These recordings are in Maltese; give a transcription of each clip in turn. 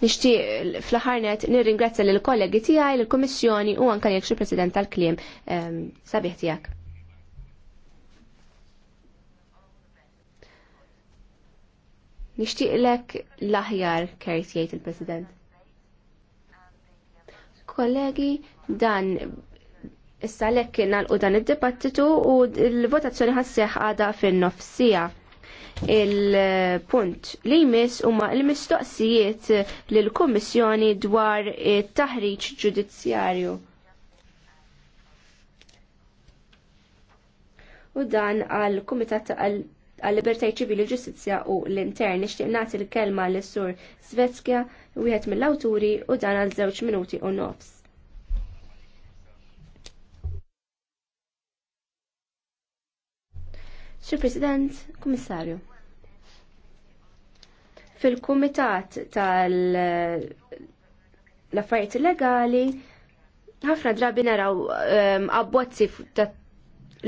Nixtieq fl-ħarnet nirringrazzja lill kollegi tiegħi, lill kummissjoni u anke jekk president tal-kliem ehm, sabiħ tiegħek. Nixtieqlek l-aħjar kert jgħid il-President. Kollegi, dan issa lekk nalqu dan id-dibattitu u l-votazzjoni ħasseħ għada fin-nofsija. Il-punt li jmiss huma l-mistoqsijiet lill kummissjoni dwar it-taħriġ ġudizzjarju. U dan għall kumitat għall-Libertaj ċivili Ġustizzja u l-Intern nixtieq nagħti l-kelma lis sur Svetska wieħed mill-awturi u dan għal żewġ minuti u nofs. Sir President, Kummissarju. Fil-Kumitat tal-affarijiet legali, ħafna drabi naraw ehm, abbozzi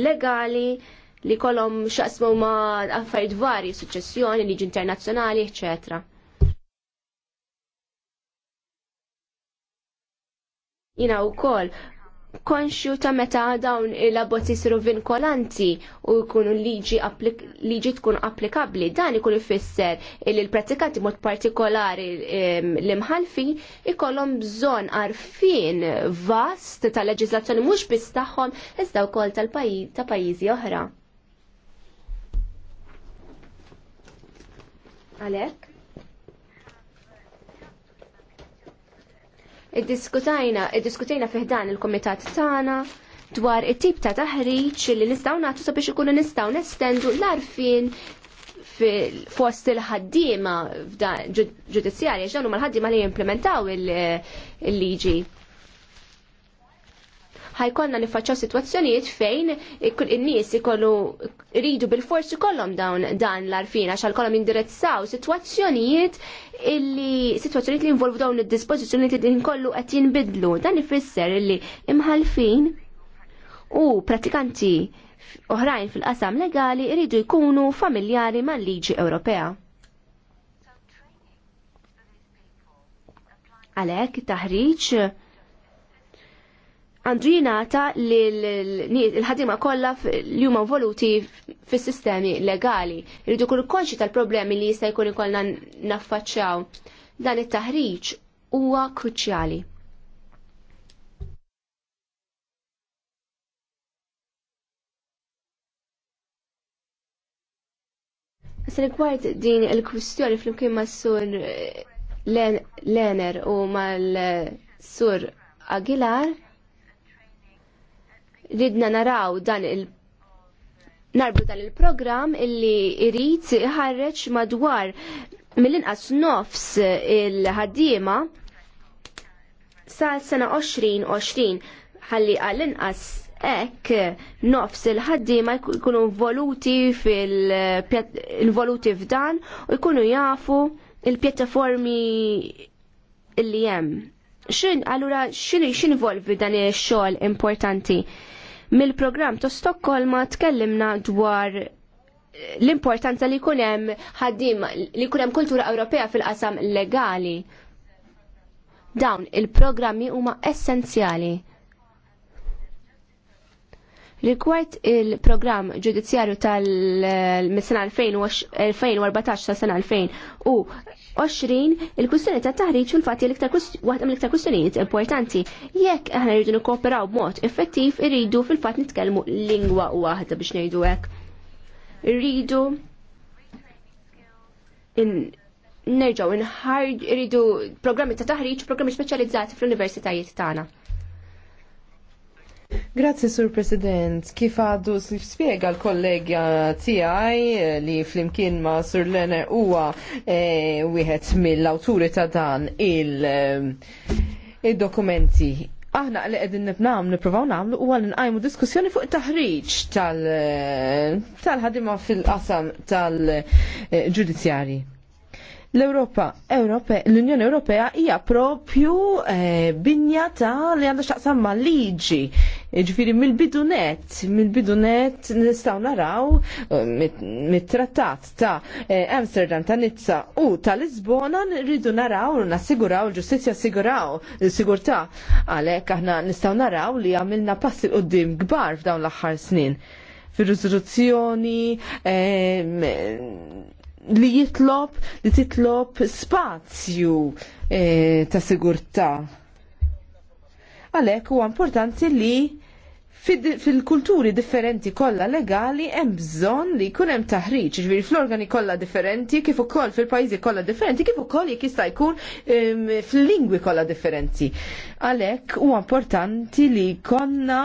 legali li kolom xaqsmu ma affarijiet vari, suċessjoni, liġi internazzjonali, eccetera. jina u kol konxju ta' meta dawn il-abbozz siru vinkolanti u jkunu liġi, liġi tkun applikabli, dan ikun ifisser li l-pratikanti mod partikolari ehm, l imħalfi ikollhom bżonn għarfien vast ta' leġislazzjoni mhux biss tagħhom iżda wkoll ta' pajjiżi oħra. Għalhekk? Id-diskutajna, id-diskutajna fiħdan il-komitat tagħna dwar it-tip ta' taħriġ li nistgħu natu sabiex ikunu nistgħu nestendu l-arfin fost il-ħaddiema ġudizzjarja x'dawn mal-ħaddima li jimplementaw il-liġi. il liġi ħajkonna nifaċċaw sitwazzjonijiet fejn in-nies ikollu ridu bil-forsi kollom dawn dan l-arfina xal kollom indirizzaw sitwazzjonijiet illi sitwazzjonijiet li involvu dawn id-dispożizzjonijiet li kollu qed jinbidlu. Dan ifisser illi imħalfin u pratikanti oħrajn fil-qasam legali iridu jkunu familjari mal-liġi Ewropea. Għalhekk taħriġ għandu jingħata l-ħadima kollha li huma voluti fis-sistemi legali. Irridu jkunu konxi tal-problemi li jista' jkun ikollna naffaċċjaw. Dan it-taħriġ huwa kruċjali. Issa rigward din il-kwistjoni flimkien ma' sur eh, Lener u mal-sur eh, Aguilar, ridna naraw dan il- narbu dan il-program illi irrit ħarreċ madwar mill-inqas nofs il-ħaddiema sal sena 2020 ħalli għall-inqas ek nofs il-ħaddiema jkunu involuti fil-involuti f'dan u jkunu jafu il-pjattaformi li jem. Xin, allura, xin, xin volvi dan il-xol importanti? Mill-programm ta' Stokkolma tkellimna dwar l-importanza li jkun hemm ħaddim li jkun hemm kultura Ewropea fil-qasam legali. Dawn il-programmi huma essenzjali Rikward il-programm ġudizzjarju tal-sena 2014 sa' sena 2020, il-kustjoni ta' taħriġ fil-fatti l-iktar waħda mill-iktar kustjonijiet importanti. Jekk aħna rridu nikkooperaw b'mod effettiv, irridu fil-fatt nitkellmu lingwa waħda biex ngħidu hekk. Irridu nerġgħu nħarġ irridu programmi ta' taħriġ, programmi speċjalizzati fl-universitajiet tagħna. Grazzi, Sur President. Kif għaddu s spiega l-kollegja tiegħi eh, li flimkien ma Sur Lene huwa eh, wieħed mill-awturi ta' dan il-dokumenti. Eh, aħna li qegħdin nibnam nippruvaw nagħmlu huwa li nqajmu diskussjoni fuq it-taħriġ tal-ħadima fil-qasam tal-ġudizzjarji. L-Europa, l-Unjoni Ewropea hija propju binja ta' li għandha x'taqsam ma' liġi Ġifiri mill-bidunet, mill-bidunet nistaw naraw eh, mit-trattat ta' eh, Amsterdam, ta' Nizza u ta' Lisbona rridu naraw, nassiguraw, ġustizja assiguraw, sigurta' għalek aħna nistaw naraw li għamilna passi qoddim gbar f'dawn l-axħar snin. Fir-rizoluzzjoni, eh, li jitlob, li titlob spazju ta' sigurta' Għalhekk huwa importanti li fil-kulturi differenti kollha legali hemm bżonn li jkun hemm taħriġ, ġifieri fl-organi kollha differenti, kif ukoll fil-pajjiżi kollha differenti, kif ukoll jekk jista' jkun ehm, fil-lingwi kollha differenti. Għalhekk huwa importanti li konna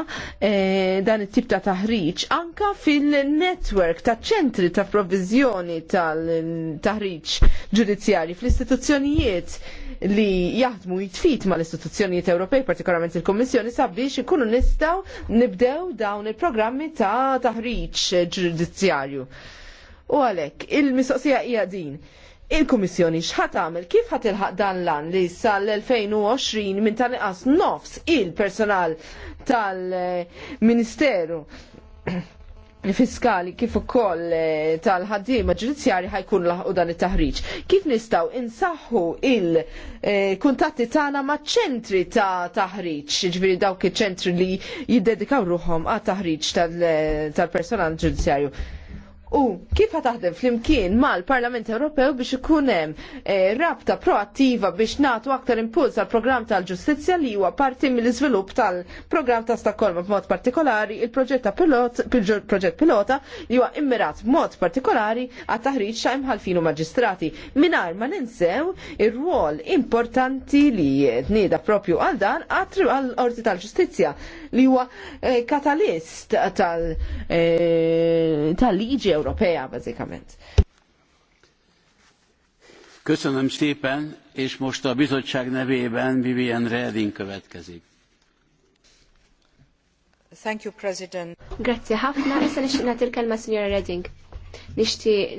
eh, dan it-tip ta' taħriġ anka fil-netwerk ta' ċentri ta' provizjoni tal-taħriġ ġudizzjari fl-istituzzjonijiet li jaħdmu jitfit ma l-istituzzjonijiet Ewropej, partikolarment il-Kommissjoni, sabiex ikunu nistaw nibdew dawn il-programmi ta' taħriġ ġudizzjarju. U għalek, il-mistoqsija hija din il-Kummissjoni x'ħat tagħmel kif ħat ilħaq dan l-an li sal-2020 minn tal-inqas nofs il-personal tal-Ministeru fiskali kif ukoll eh, tal-ħaddiema ġudizzjari ħajkun laħqu dan it-taħriġ. Kif nistgħu insaħħu il-kuntatti eh, tagħna maċ-ċentri ta' taħriġ, jiġifieri dawk iċ-ċentri li jiddedikaw ruhom għat taħriġ eh, tal-personal ġudizzjarju. U kif taħdem fl-imkien mal-Parlament Ewropew biex ikun hemm eh, rabta proattiva biex nagħtu aktar impuls għal programm tal-ġustizzja li huwa parti mill-iżvilupp tal-programm ta' Stockholm b'mod partikolari il-proġett ta' pilot, proġett pilota li huwa immirat b'mod partikolari għat taħriġ xa' imħalfinu maġistrati. Minar ma ninsew ir-rwol importanti li tnieda propju għal dan għall-Orti tal-Ġustizzja li huwa eh, katalist eh, tal-liġi Ewropea bażikament. Köszönöm szépen, és most a bizottság nevében Vivian Redding következik. Thank you, President. Grazie ħafna, issa nixtieq nagħti l-kelma Signora Reding. Nixtieq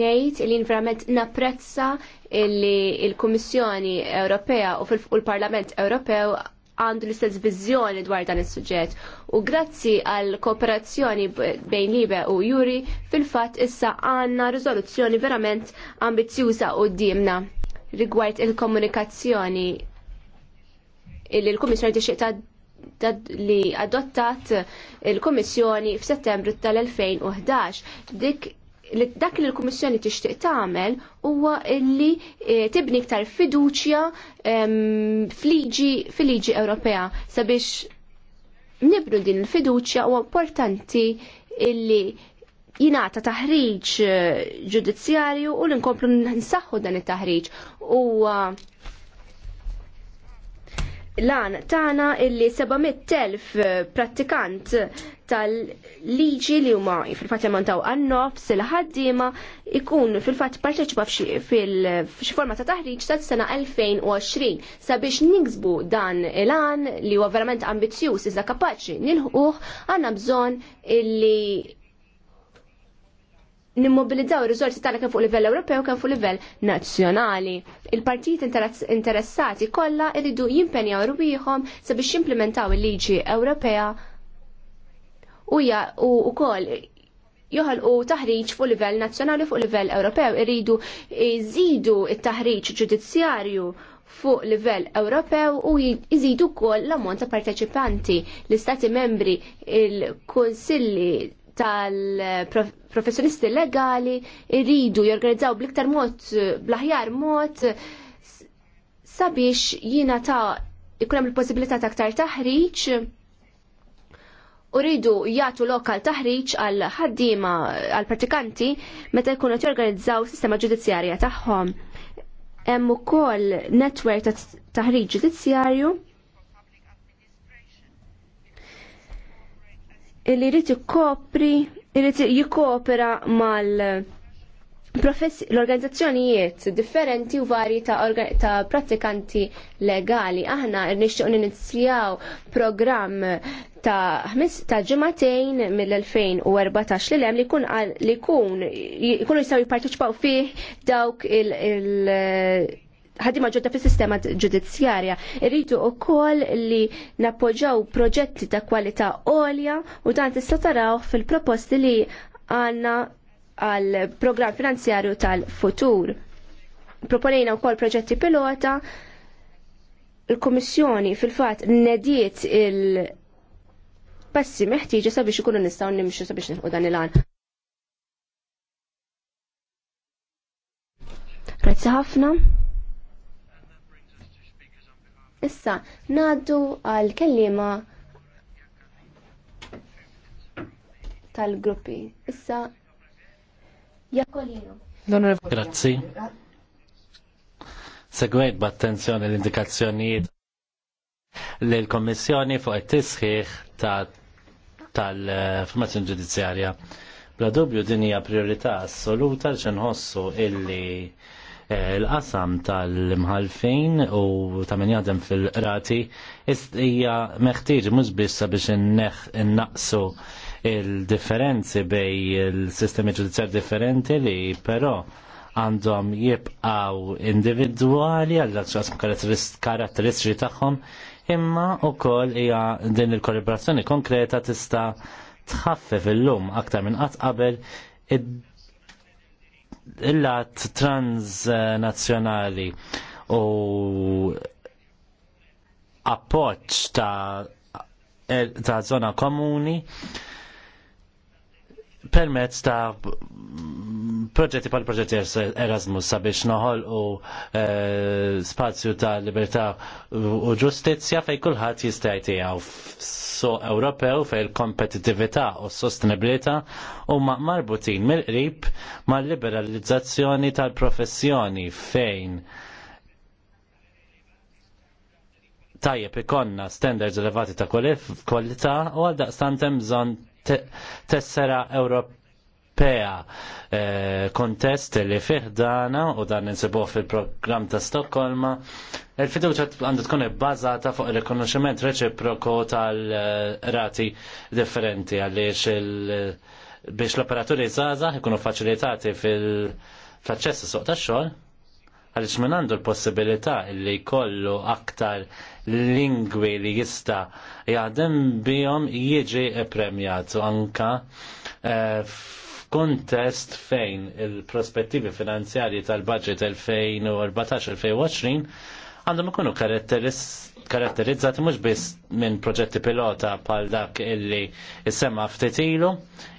nejt li verament napprezza li l-Kummissjoni Ewropea u fil parlament Ewropew għandu l-istess viżjoni dwar dan is-suġġett. U grazzi għal kooperazzjoni bejn Libe u Juri fil-fatt issa għandna riżoluzzjoni verament ambizzjuża u dimna rigward il-komunikazzjoni li l-Kummissjoni tixtieq li adottat il-Kummissjoni f'Settembru tal-2011 dik dak li l-Kummissjoni tixtieq tagħmel huwa li eh, tibni iktar fiduċja ehm, fliġi fil-liġi Ewropea sabiex nibnu din il-fiduċja huwa importanti illi jinata taħriġ eh, ġudizzjarju u l-inkomplu nsaħħu dan it-taħriġ u lan tagħna illi 700.000 prattikant tal-liġi li huma fil-fatt jamantaw għan-nofs il-ħaddiema ikun fil-fatt parteċipa f'xi forma ta' taħriġ ta' sena 2020 sabiex niksbu dan il-għan li huwa verament ambizzjuż iżda kapaċi nilħuh għandna bżonn illi nimmobilizzaw ir-riżorsi tagħna kemm fuq livell Ewropew kemm fuq livell nazzjonali. Il-partijiet interessati kollha jridu jimpenjaw rwieħhom sabiex jimplementaw il-liġi Ewropea u wkoll joħolqu taħriġ fuq livell nazzjonali fuq livell Ewropew iridu jżidu it-taħriġ ġudizzjarju fuq livell Ewropew u jżidu wkoll l-ammont ta' parteċipanti l-istati membri il-kunsilli tal-professjonisti legali iridu jorganizzaw bliktar mod, blaħjar mod sabiex jina ta' ikunem il-possibilità ta' aktar taħriċ u rridu jgħatu lokal taħriġ għal ħaddiema għal pratikanti meta jkunu jorganizzaw sistema ġudizzjarja tagħhom. Hemm ukoll netwerk ta' taħriġ ġudizzjarju li jrid jikopri, rrit jikopera mal l-organizzazzjonijiet differenti u varji ta', ta pratikanti legali. Aħna nixtieq ninizjaw program ta' ta' ġimatejn mill-2014 li hemm li kun li kun jkunu jistgħu jipparteċipaw fih dawk il-, il ħadima ġodda fis-sistema ġudizzjarja. Irridu wkoll li nappoġġaw proġetti ta' kwalità għolja u dan tista' taraw fil-proposti li għandna għal programm finanzjarju tal-futur. Proponejna wkoll proġetti pilota il komissjoni fil-fatt nediet il- passi meħtieġa sabiex ikunu nistgħu nimxu sabiex nilħu dan il-għan. Grazzi ħafna. Issa, naddu għal kellima tal-gruppi. Issa, Jakolino. Grazzi. Segwejt b'attenzjoni l-indikazzjonijiet l-Kommissjoni fuq it-tisħiħ tal-formazzjoni ġudizzjarja. Bla dubju din hija priorità assoluta li illi l-qasam tal mħalfin u ta' min jadem fil rati hija meħtieġ mhux biss sabiex innaqsu il-differenzi bej il-sistemi ġudizzjar differenti li però għandhom jibqaw individwali għal karatteristiċi tagħhom imma wkoll hija din il-kollaborazzjoni konkreta tista' tħaffef il-lum aktar minn qatt qabel id il-lat transnazzjonali u appoġġ ta' ta' zona komuni permezz ta' proġetti pal proġetti Erasmus sabiex noħol u eh, spazju ta' libertà u ġustizzja fej kulħadd jista' jtiegħu so Ewropew fej il kompetitivita u s-sostenibilità huma marbutin mill-qrib mal-liberalizzazzjoni tal-professjoni fejn tajjeb ikonna standards elevati ta' kwalità u għal hemm bżonn tessera Ewropew Ewropea eh, kontest li dana u dan insibuh fil-programm ta' Stokkolma. Il-fiduċa għandu tkun ibbażata fuq il-rikonoxximent reċiproko tal-rati differenti għaliex biex l-operaturi zaza ikunu faċilitati fil-faċċess suq ta' xogħol għaliex minn għandu l-possibilità li kollu aktar lingwi li jista jgħadem bihom jiġi premjat u anka eh, f'kontest fejn il-prospettivi finanzjarji tal-budget 2014-2020 għandhom ikunu karatterizzati mhux biss minn proġetti pilota bħal dak illi jissemma ftit ilu,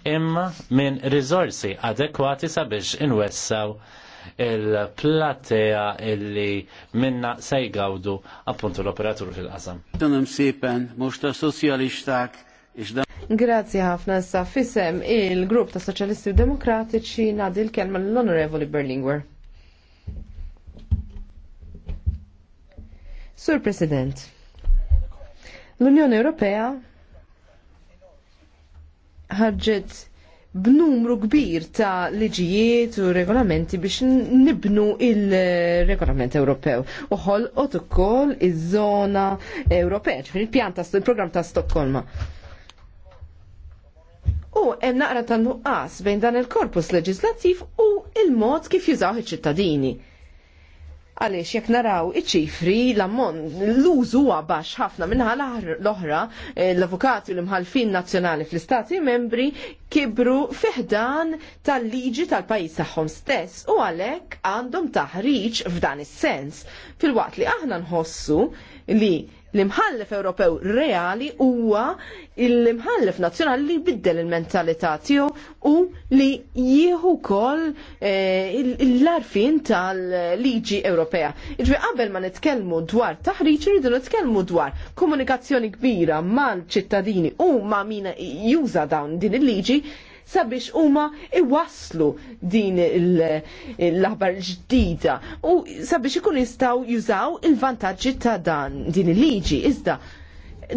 imma minn riżorsi adekwati sabiex inwessaw il-platea illi minna sejgawdu appuntu l-operatur fil-qasam. Tunum sipen, mux ta' socialistak, Grazzi ħafna sa fisem il-grupp ta' Soċjalisti Demokratiċi nadil kelma l-Onorevoli Berlingwer. Sur President, l-Unjoni Ewropea ħarġet b'numru kbir ta' liġijiet u regolamenti biex nibnu il-regolament Ewropew. Uħol ukoll iż-żona Ewropea, ċifri il-pjan ta' il program ta' Stokkolma. U hemm naqra ta' nuqqas bejn dan il-korpus leġislattiv u il-mod kif jużaw iċ-ċittadini. Għaliex jekk naraw iċ-ċifri l ammon l-użu huwa baxx ħafna minħala l-oħra eh, l-avukati u l-imħalfin nazzjonali fl-istati membri kibru fiħdan tal-liġi tal pajjiż tagħhom stess u għalhekk għandhom taħriġ f'dan is-sens. Fil-waqt li aħna nħossu li L-imħallef Ewropew reali huwa l-imħallef nazzjonali li biddel il-mentalità tiegħu u li jieħu wkoll eh, l-arfin tal-liġi Ewropea. Iġbi qabel ma nitkellmu dwar taħriġ iridu nitkellmu dwar komunikazzjoni kbira mal-ċittadini u ma' min juża dawn din il-liġi sabiex huma iwaslu din l-aħbar ġdida u sabiex ikun jistgħu jużaw il-vantaġġi ta' dan din il-liġi iżda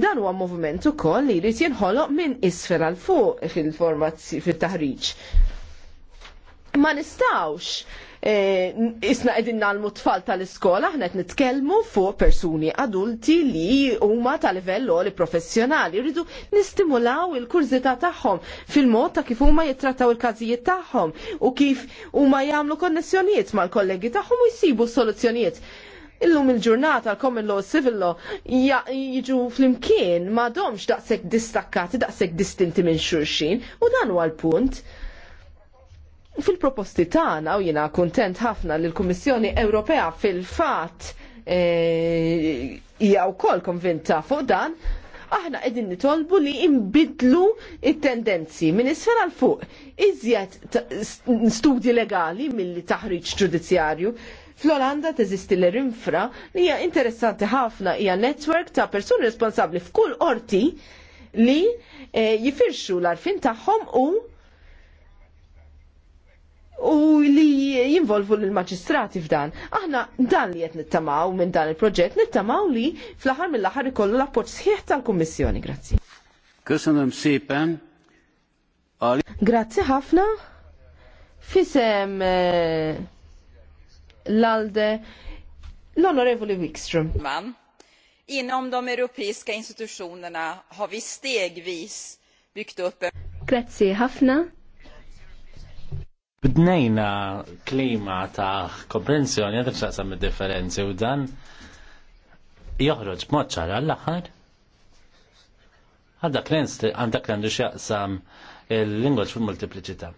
dan huwa moviment ukoll li jrid jinħoloq minn isfel għal fuq fil formazzi fil-taħriġ ma nistawx e, isna edin nalmu tfal tal-iskola, ħnet nitkelmu nitkellmu fuq persuni adulti li huma ta' livell li professjonali. Rridu nistimulaw il-kurzita tagħhom fil-mod ta' kif huma jittrattaw il-każijiet tagħhom u kif huma jagħmlu konnessjonijiet mal-kollegi tagħhom u jsibu soluzzjonijiet. Illum il-ġurnata l-Common Law Civil Law jiġu fl-imkien ma domx daqshekk distakkati, daqshekk distinti minn xulxin u dan huwa l-punt Fil-proposti tagħna u jiena kuntent ħafna li l-Kummissjoni Ewropea fil-fatt e, hija wkoll konvinta fuq dan, aħna qegħdin nitolbu li imbidlu it-tendenzi minn isfel għal fuq. Iżjed studji legali milli taħriġ ġudizzjarju Fl-Olanda teżisti l-rinfra li hija interessanti ħafna hija netwerk ta' persuni responsabbli f'kull orti li e, jifirxu l-arfin tagħhom u u li jinvolvu l-maġistrati f'dan. Aħna dan li jett nittamaw minn dan il-proġett, nittamaw li fl ħar mill ħar ikollu l-appoġġ sħiħ tal kommissjoni Grazzi. Kusanem sipem. Grazzi ħafna. Fisem eh, l-alde l-Onorevoli Wikström. Man, inom de europeiska institutionerna har vi stegvis byggt upp... Grazzi ħafna Bdnejna klima ta' komprensjoni għadif saqsam differenzi u dan joħroġ moċċar għall-axar. Għadha klens għandak għandu xaqsam il-lingwaġġ fil multipliċità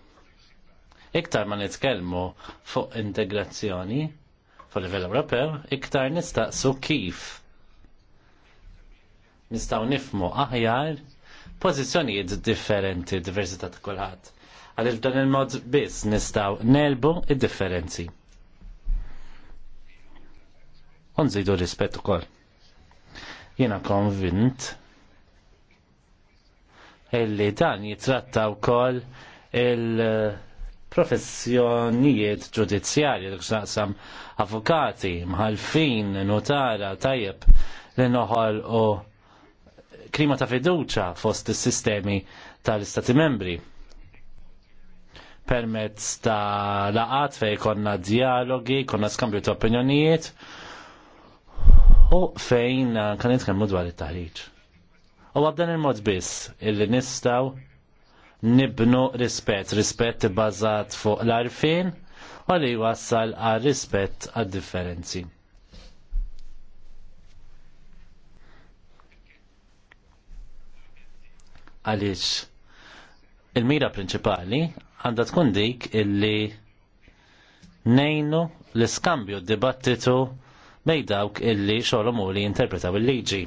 Iktar ma nitkellmu fuq integrazzjoni fuq livell Ewropew, iktar nistaqsu kif nistgħu nifmu aħjar pożizzjonijiet differenti, diversità ta' kulħadd għaliex dan il-mod biss nistgħu nelbu id-differenzi. Unżidu nżidu rispett ukoll. Jiena konvint illi dan jitratta wkoll il-professjonijiet ġudizzjarji l-ksaqsam avukati, mħalfin, notara, tajjeb li noħol u klima ta' fiduċa fost is-sistemi tal-Istati membri permezz ta' laqat fej konna dialogi, konna skambju ta' opinjonijiet u fejn eh, kan nitkellmu dwar it-taħriġ. U għabdan il-mod biss illi nistaw nibnu rispett, rispett bazat fuq l-arfin u li wassal għal rispett għad differenzi. Għalix, il-mira prinċipali għandha tkun dik illi nejnu l skambju d-dibattitu bej dawk illi xogħolhom u li jinterpretaw il-liġi.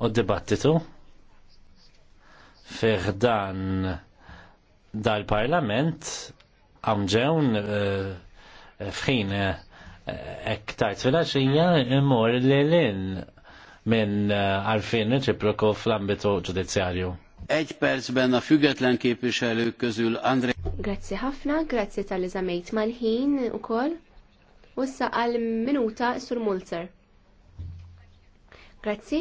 U d-dibattitu fih dan dal-parlament għamġewn eh, fħin eh, ektar tfilaxija imur l-lin minn eh, għarfin reċiproku fl-ambitu ġudizzjarju. Egy percben a független képviselők közül André. Grazzi ħafna, grazie tal-li mal-ħin u kol. Ussa għal-minuta sur Mulzer. Grazzi.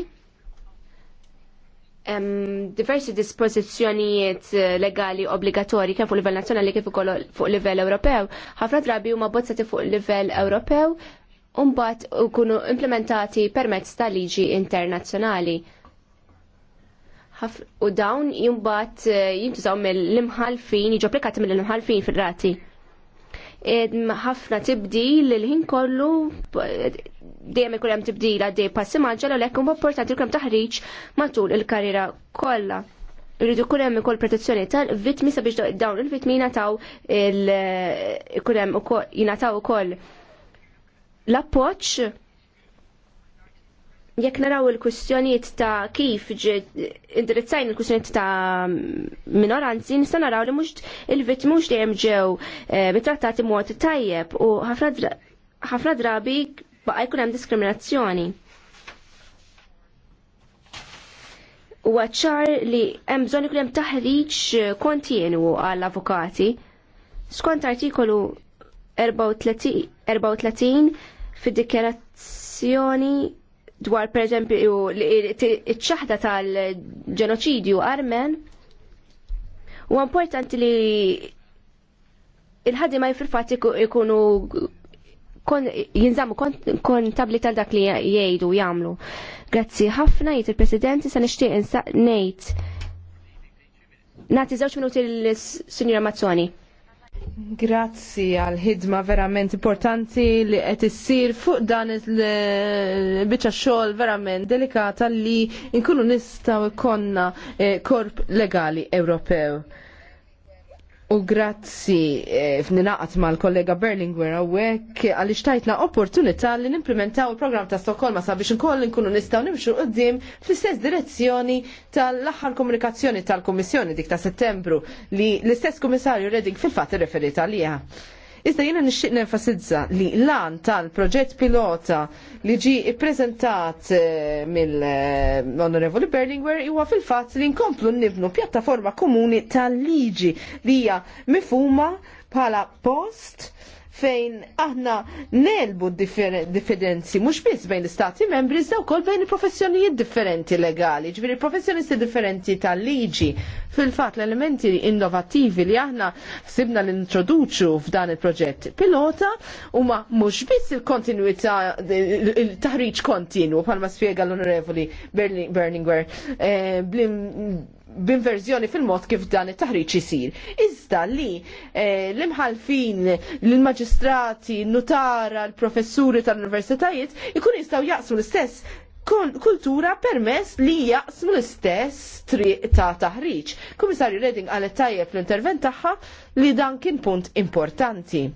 Um, diversi dispożizzjonijiet eh, legali obbligatorji kien fuq livell nazzjonali kif ukoll fuq livell Ewropew, ħafna drabi huma bozzati fuq livell Ewropew u mbagħad ikunu implementati permezz ta' liġi internazzjonali u dawn jimbat eh, jintużaw mill-imħalfin, jiġu applikati mill-imħalfin fil-rati. ħafna tibdil l-ħin kollu dejjem ikun hemm tibdil għaddej passi maġġel u huwa importanti jkun taħriġ matul il-karriera kollha. Irridu jkun hemm ukoll protezzjoni tal-vittmi sabiex dawn il vitmi jingħataw il ikun hemm jingħataw ukoll l-appoġġ jekk naraw il-kwistjonijiet ta' kif indirizzajn il-kwistjonijiet ta' minoranzi, nista' naraw li mhux il-vitt mhux dejjem ġew eh, bitrattati mod tajjeb u ħafna drabi baqa' jkun hemm diskriminazzjoni. Huwa ċar li hemm bżonn ikun hemm taħriġ kontinu għall-avukati. Skont artikolu 34 fid dikjarazzjoni dwar per eżempju iċ-ċaħda tal-ġenoċidju armen u importanti li il ħaddi fil-fatt ikunu kon, jinżammu kontabli tal dak li jgħidu jagħmlu. Grazzi ħafna jgħid il-Presidenti sa nixtieq insaq nejt. Nati żewġ minuti l-Sinjora Mazzoni. Grazzi għal ħidma verament importanti li qed issir fuq dan il-biċċa xogħol verament delikata li nkunu nistgħu ikonna eh, korp legali Ewropew. U grazzi eh, f'ninaqat mal kollega Berlinguer għawek għalix tajtna opportunità li nimplementaw il-program ta' Stokholma sabiex nkoll nkunu nistaw nimxu qoddim fl-istess direzzjoni tal-aħħar komunikazzjoni tal-Kommissjoni dik ta' settembru li l-istess Kummissarju Redding fil-fatt referita għalija. Iżda jiena nixtieq nenfasizza li lan tal-proġett pilota li ġi ppreżentat eh, mill-Onorevoli eh, Berlingwer huwa fil-fatt li nkomplu nibnu pjattaforma komuni tal-liġi li hija mifhuma bħala post fejn aħna nelbu differenzi, mhux biss bejn l-istati membri, iżda wkoll bejn il-professjonijiet differenti legali, ġviri professjonisti differenti tal-liġi. fil fatt l-elementi innovattivi li aħna sibna l-introduċu f'dan il-proġett pilota huma mhux biss il-kontinuità, il-taħriġ kontinu, bħalma spjega l-onorevoli Berlinguer, eh, b'inverżjoni fil-mod kif dan it-taħriġ isir. Iżda li eh, l-imħalfin, l-maġistrati, n-nutara, l-professuri tal-universitajiet ikun jistgħu jaqsmu l-istess kultura permess li jaqsmu l-istess triq ta' taħriġ. Kummissarju Reding għalet tajjeb l-intervent tagħha li dan kien punt importanti.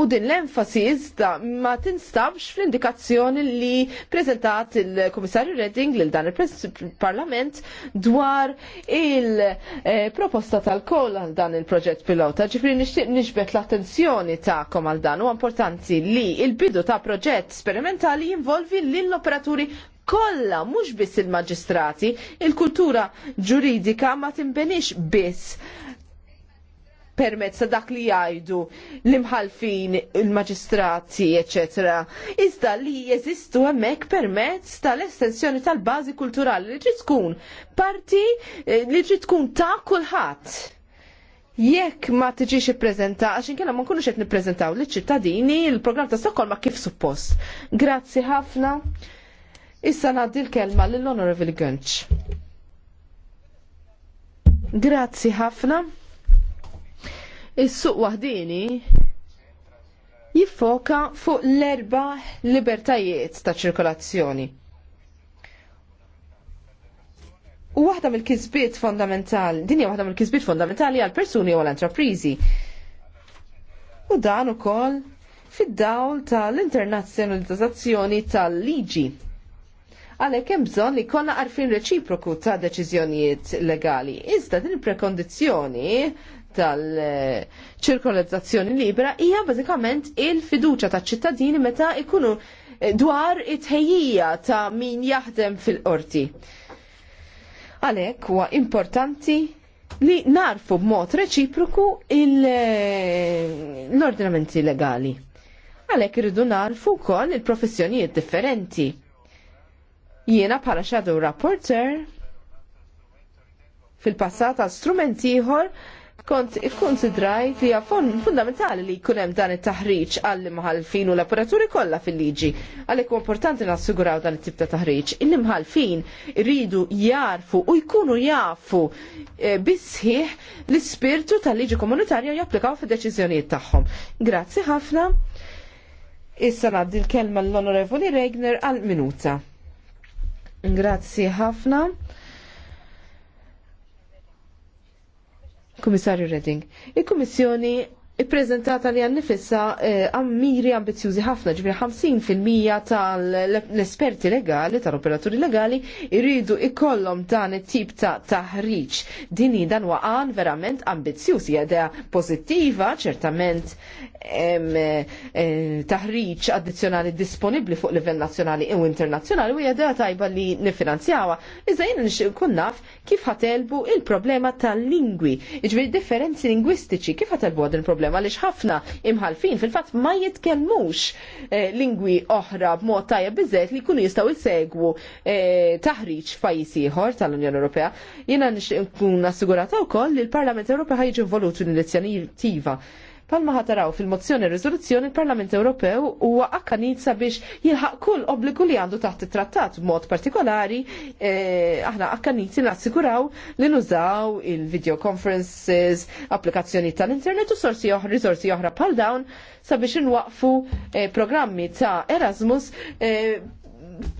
U din l-enfasi iżda ma tinstabx fl-indikazzjoni li prezentat il-Komissarju Redding lil dan il-Parlament dwar il-proposta eh, tal koll għal dan il-proġett pilota. Ġifri nixtieq nixbet l-attenzjoni kom għal dan u importanti li il-bidu ta' proġett sperimentali jinvolvi lill-operaturi kollha mhux biss il-maġistrati, il-kultura ġuridika ma timbenix biss permezz ta' dak li jgħidu l-imħalfin il-maġistrati, ecc. Iżda li jeżistu hemmhekk permezz tal-estensjoni tal-bażi kulturali li ġiet tkun parti eh, li ġiet tkun ta' kulħadd. Jekk ma tiġix ippreżenta, għax inkella ma nkunux qed nippreżentaw liċ-ċittadini il-programm ta' Stokkolma kif suppost. Grazzi ħafna. Issa ngħaddi l-kelma lill-Honorable Gönċ. Grazzi ħafna. Is-suq wahdini jiffoka fuq l-erba libertajiet ta' ċirkolazzjoni. U waħda mill-kisbiet fondamentali, din hija waħda mill-kisbiet fondamentali għal persuni u għal intraprizi U dan ukoll fid-dawl tal-internazzjonalizzazzjoni tal-liġi. Għalhekk hemm bżonn li jkollna għarfin reċiproku ta' deċiżjonijiet legali. Iżda din il prekondizzjoni tal-ċirkolizzazzjoni libera hija bażikament il-fiduċa taċ-ċittadini meta ikunu dwar it-ħejjija ta' min jaħdem fil-qorti. Għalhekk huwa importanti li narfu b'mod reċiproku l-ordinamenti legali. Għalhekk irridu narfu wkoll il-professjonijiet differenti. Jiena bħala shadow rapporter fil-passat għal strumenti ieħor kont ikkonsidraj li fundamentali li jkun hemm dan it-taħriġ għall imħalfin u l-apparaturi kollha fil-liġi. Għalhekk importanti nassiguraw dan it-tip ta' taħriġ. Il-imħalfin iridu jarfu u jkunu jafu e, bisħiħ l-ispirtu tal-liġi komunitarja u japplikaw fid-deċiżjonijiet tagħhom. Grazzi ħafna. Issa ngħaddi l-kelma l-Onorevoli Regner għal minuta. Grazzi ħafna. Komissarju Redding, il-Kummissjoni Ippreżentata li għannifissa nifissa għammiri eh, ambizjużi ħafna ġbir 50% tal-esperti legali, tal-operaturi legali, irridu ikollom dan it-tip ta' taħriġ. Dini dan waqan verament ambizjużi għedha pozittiva, ċertament eh, taħriġ addizjonali disponibli fuq livell nazzjonali u internazzjonali u jadda tajba li nifinanzjawa. Iżda jenna nixkun naf kif ħatelbu il-problema tal-lingwi, iġbiri differenzi lingwistiċi, kif ħatelbu għad il-problema problema li ħafna imħalfin fil-fatt ma jitkellmux eh, lingwi oħra b'mod tajjeb biżejt li jkunu jistgħu jsegwu eh, taħriġ f'pajjiż ieħor tal-Unjoni Ewropea. Jiena nixtieq nkun assigurata wkoll li l-Parlament Ewropea ħajġi involut l-inizjattiva Palma ħataraw fil-mozzjoni riżoluzzjoni il-Parlament Ewropew huwa akkanizza biex jilħaq kull obbligu li għandu taħt it-trattat b'mod partikolari eh, aħna akkanizzi nassiguraw li nużaw il-video conferences, applikazzjoni tal-internet u sorsi oħra, risorsi oħra pal dawn sabiex nwaqfu eh, programmi ta' Erasmus eh,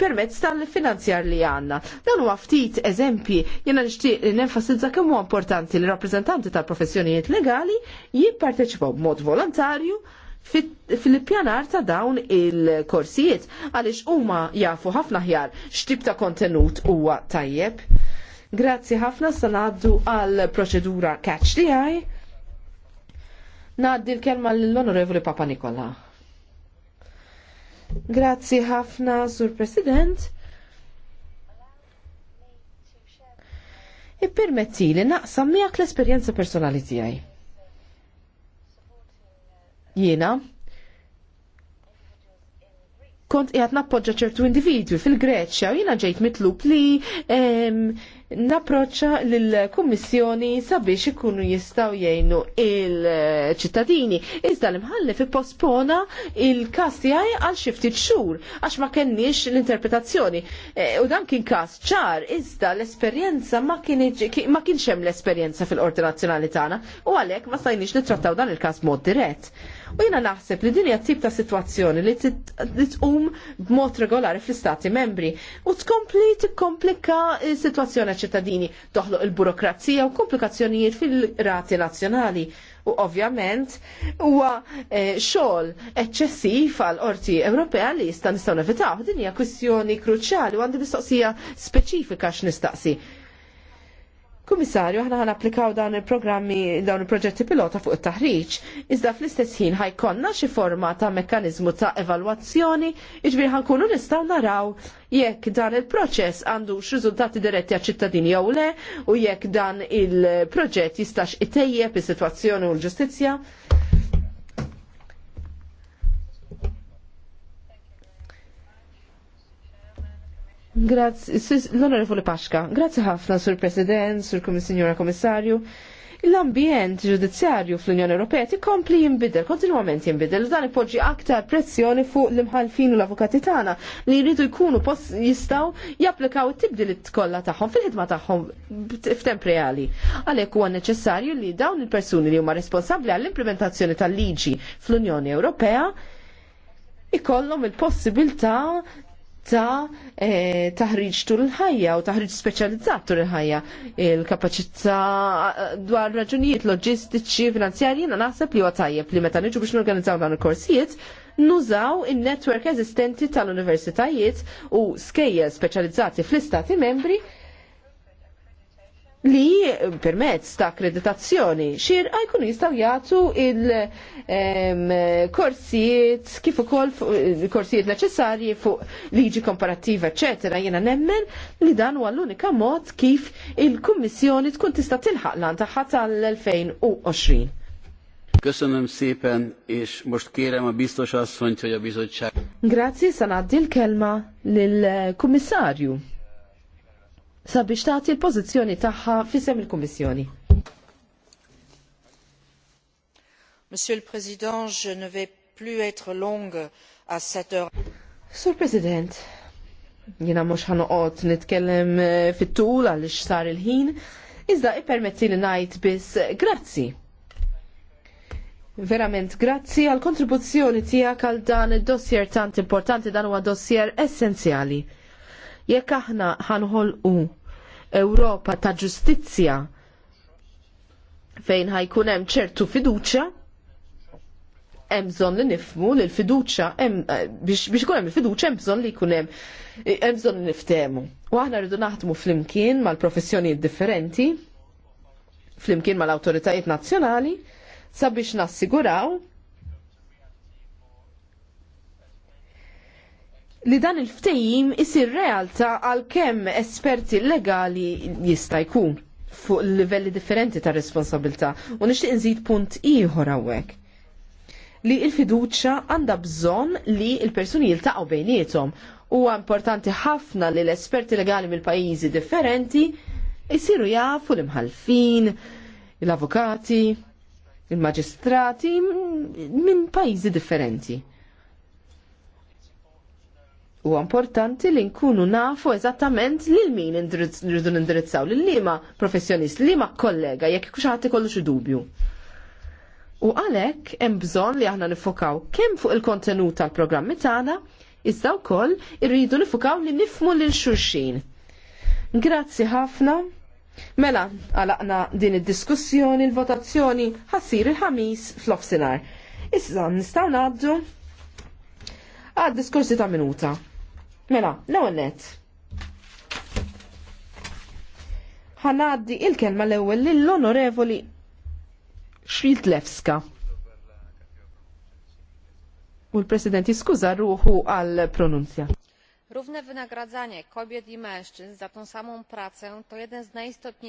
permezz tal-finanzjar li għanna. Dan huwa ftit eżempji jena nixtieq nenfasizza kemm huwa importanti li rappreżentanti tal-professjonijiet legali jipparteċipaw b'mod volontarju fil-pjanar ta' dawn il-korsijiet għaliex huma jafu ħafna ħjar x'tip ta' kontenut huwa tajjeb. Grazzi ħafna sa ngħaddu għal proċedura catch li għaj. Naddi l-kelma l-Onorevoli Papa Nikola. Grazzi ħafna, Sur President. Ippermetti li naqsam miegħek l-esperjenza personali tiegħi. Jiena kont qiegħed nappoġġa ċertu individwi fil-Greċja u jiena ġejt mitlub li Naproċċa lill-Kummissjoni sabiex ikunu jistgħu jgħinu il-ċittadini. Iżda l-imħallef ippospona il-każ tiegħi għal xi ftit xhur għax ma kenniex l-interpretazzjoni. E, u dan kien każ ċar, iżda l-esperjenza ma kienx hemm l-esperjenza fil-Qorti Nazzjonali tagħna u għalhekk ma stajniex nittrattaw dan il-każ mod dirett. U jina naħseb li din hija tip ta' situazzjoni li tqum b'mod regolari fl-istati membri u tkompli tikkomplika s-situazzjoni ċittadini, toħloq il-burokrazija u komplikazzjonijiet fil-rati nazzjonali. U ovvjament huwa eh, xogħol eċċessiv għal qorti Ewropea li jista' nistgħu nevitaw. Din hija kwistjoni kruċjali u għandi mistoqsija speċifika x'nistaqsi Kummissarju, aħna ħan applikaw dawn il-programmi, dawn il-proġetti pilota fuq it-taħriġ, iżda fl-istess ħin ħajkonna xi forma ta' mekkanizmu ta' evalwazzjoni, iġbir ħankunu nistgħu naraw jekk dan il-proċess għandux riżultati diretti għal ċittadini jew le, u jekk dan il-proġett jistax itejjeb is-sitwazzjoni u l-ġustizzja. Grazie, l-onorevoli Paxka, grazie ħafna, sur President, sur Signora Komissarju. L-ambjent ġudizzjarju fl-Unjoni Ewropea tikompli jinbidel, kontinwament jinbidel, dan ipoġġi aktar pressjoni fuq l-imħalfin u l-avukati tagħna li jridu jkunu post jistgħu japplikaw it-tibdilit kollha tagħhom fil-ħidma tagħhom f'temp reali. Għalhekk huwa neċessarju li dawn il-persuni li huma responsabbli għall-implementazzjoni tal-liġi fl-Unjoni Ewropea ikollhom il-possibilità ta' eh, taħriġ tul il-ħajja u taħriġ speċjalizzat tul il-ħajja. Il-kapacità eh, dwar raġunijiet loġistiċi, finanzjarji, na naħseb li huwa tajjeb li meta niġu biex n-organizzaw dan il-korsijiet, nużaw in-netwerk eżistenti tal-universitajiet u skejjel speċjalizzati fl-istati membri li permezz ta' akkreditazzjoni xirqa jkun jistgħu jagħtu il-korsijiet kif ukoll korsijiet neċessarji fuq liġi komparattiva eċetera jiena nemmen li dan huwa l-unika mod kif il-Kummissjoni tkun tista' tilħaq lan tagħha tal-2020. Köszönöm szépen, és most kérem a biztos asszonyt, hogy a bizottság... Grazie, sanaddi l-kelma lill-kummissarju sabiex tagħti l-pożizzjoni tagħha fisem il-Kummissjoni. Monsieur le Président, je ne vais plus être longue à cette heure. Sur President, jina mux ħanuqot nitkellem eh, fit-tul għalix sar il-ħin, iżda ippermetti li najt biss grazzi. Verament grazzi għal kontribuzzjoni tijak għal dan id-dossier tant importanti dan huwa dossier essenzjali. Jekk aħna ħanħolqu Ewropa ta' ġustizzja fejn ħajkun hemm ċertu fiduċja, hemm bżonn li nifmu li l-fiduċja eh, biex ikun hemm il-fiduċja hemm bżonn li jkun hemm hemm bżonn li niftehmu. U aħna rridu naħdmu flimkien mal-professjonijiet differenti, flimkien mal-awtoritajiet nazzjonali, sabiex nassiguraw li dan il-ftejim isir realtà għal kemm esperti legali jista' jkun fuq livelli differenti ta' responsabilità u nixtieq nżid punt ieħor hawnhekk li il-fiduċa għandha bżonn li l-persuni jiltaqgħu bejniethom. Huwa importanti ħafna li l-esperti legali mill-pajjiżi differenti jsiru jafu l-imħalfin, l-avukati, il-maġistrati minn pajjiżi differenti U importanti li nkunu nafu eżattament lil min rridu nindirizzaw, lil liema professjonist, liema kollega, jekk kux ħati kollu xi dubju. U għalhekk hemm bżonn li aħna nifokaw kemm fuq il-kontenut tal-programmi tagħna, iżda wkoll irridu nifokaw li nifmu lil xulxin. Grazzi ħafna. Mela, għalaqna din id-diskussjoni, il-votazzjoni ħassir il-ħamis fl-ofsinar. Issa nistgħu ngħaddu għad diskorsi ta' minuta. Mela, l-ewwel nett. Ħanaddi il-kelma l-ewwel lill-Onorevoli Xritlewska. U l-President jiskuża ruħu għal pronunzja. Równe wynagradzanie kobiet i mężczyzn za tą samą pracę to jeden z najistotniejszych